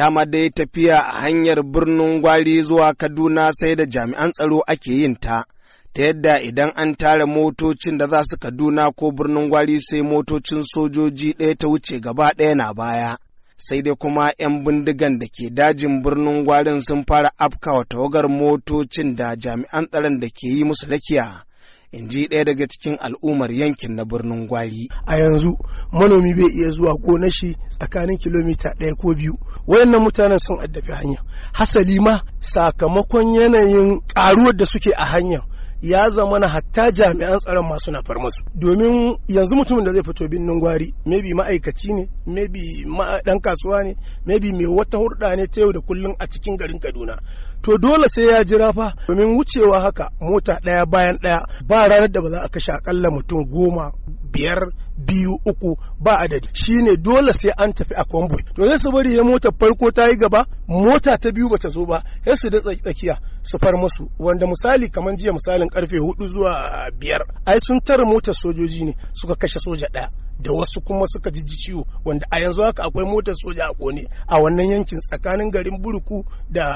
dama dai tafiya a hanyar birnin gwari zuwa kaduna sai da jami'an tsaro ake yin ta ta yadda idan an tara motocin da za su kaduna ko birnin gwari sai motocin sojoji ɗaya ta wuce gaba ɗaya na baya sai dai kuma 'yan bindigan da ke dajin birnin gwarin sun fara afka wa tawagar motocin da jami'an tsaron da ke yi musu rakiya in ji ɗaya daga cikin al'ummar yankin na birnin gwari a yanzu manomi bai iya zuwa gonar shi tsakanin kilomita ɗaya ko biyu wayannan mutanen sun addafi hanya hasali ma sakamakon yanayin ƙaruwar da suke a hanyar. ya zama na hatta jami'an tsaron masu na far masu domin yanzu mutumin da zai fito binnin gwari maybe ma'aikaci ne maybe dan kasuwa ne maybe mai wata hurɗa ne ta yau da kullum a cikin garin Kaduna to dole sai ya jira fa domin wucewa haka mota ɗaya bayan ɗaya ba ranar da ba za a kashe akalla mutum goma biyar biyu uku ba adadi shi ne dole sai an tafi a kwamboi to sai su bari ya mota farko ta yi gaba mota ta biyu bata zo ba sai su da tsakiya su far musu wanda misali kamar jiya misalin karfe hudu zuwa biyar ai sun tara motar sojoji ne suka kashe soja ɗaya da wasu kuma suka ji ciwo wanda a yanzu haka akwai motar soja a kone a wannan yankin tsakanin garin burku da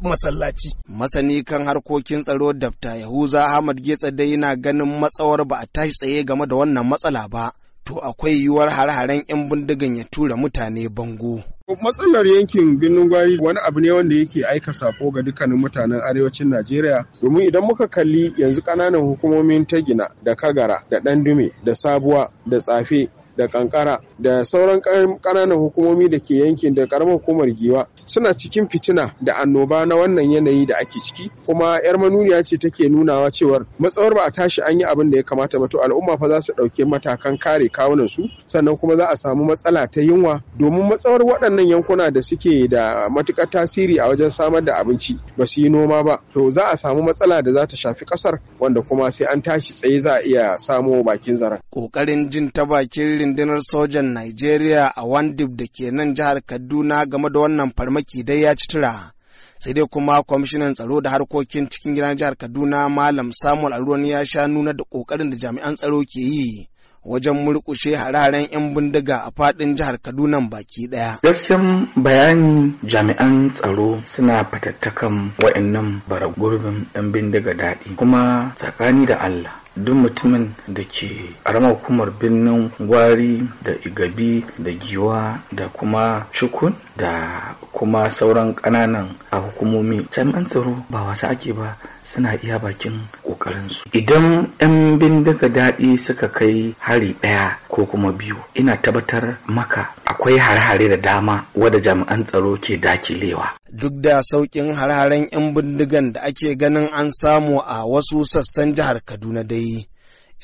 masallaci. Masani kan harkokin tsaro dafta Yahuza Ahmad Getsa dai yana ganin matsawar ba a tashi tsaye game da wannan matsala ba. To akwai yiwuwar har haren 'yan bindigan ya tura mutane bango. Matsalar yankin birnin gwari wani abu ne wanda yake aika sako ga dukkanin mutanen arewacin Najeriya domin idan muka kalli yanzu ƙananan hukumomin Tagina da Kagara da Dandume da Sabuwa da Tsafe da kankara da sauran ƙananan hukumomi da ke yankin da karamar hukumar giwa suna cikin fitina da annoba na wannan yanayi da ake ciki kuma yar manuniya ce take nunawa cewar matsawar ba a tashi an yi abin da ya kamata ba to al'umma fa za su ɗauki matakan kare kawunan su sannan kuma za a samu matsala ta yunwa domin matsawar waɗannan yankuna da suke da matuƙar tasiri a wajen samar da abinci ba su yi noma ba to za a samu matsala da za ta shafi ƙasar wanda kuma sai an tashi tsaye za a iya samo bakin zaren. Ƙoƙarin jin ta bakin rundunar sojan Najeriya a Wandib da ke nan jihar Kaduna game da wannan farmaki dai ya ci tura. Sai dai kuma kwamishinan tsaro da harkokin cikin gidan jihar Kaduna Malam Samuel Aruwan ya sha nuna da ƙoƙarin da jami'an tsaro ke yi. wajen murkushe hararen 'yan bindiga a faɗin jihar Kaduna baki ɗaya. Gaskiyan bayanin jami'an tsaro suna fatattakan wa'annan bara 'yan bindiga daɗi kuma tsakani da Allah duk mutumin da ke ƙaramar hukumar birnin gwari da igabi da giwa da kuma cukun da kuma sauran kananan a hukumomi jami'an tsaro ba wasa ake ba suna iya bakin ƙoƙarinsu idan 'yan bindiga daɗi suka kai hari ɗaya ko kuma biyu ina tabbatar maka akwai hare-hare da dama wadda jami'an tsaro ke dakilewa duk da sauƙin hare-haren 'yan bindigan da ake ganin an samu a wasu sassan jihar kaduna dai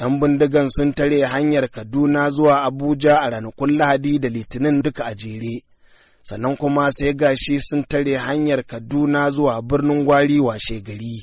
'yan bindigan sun tare hanyar kaduna zuwa abuja a ranakun lahadi da litinin duka a jere sannan kuma sai gashi sun tare hanyar kaduna zuwa birnin gwari washe gari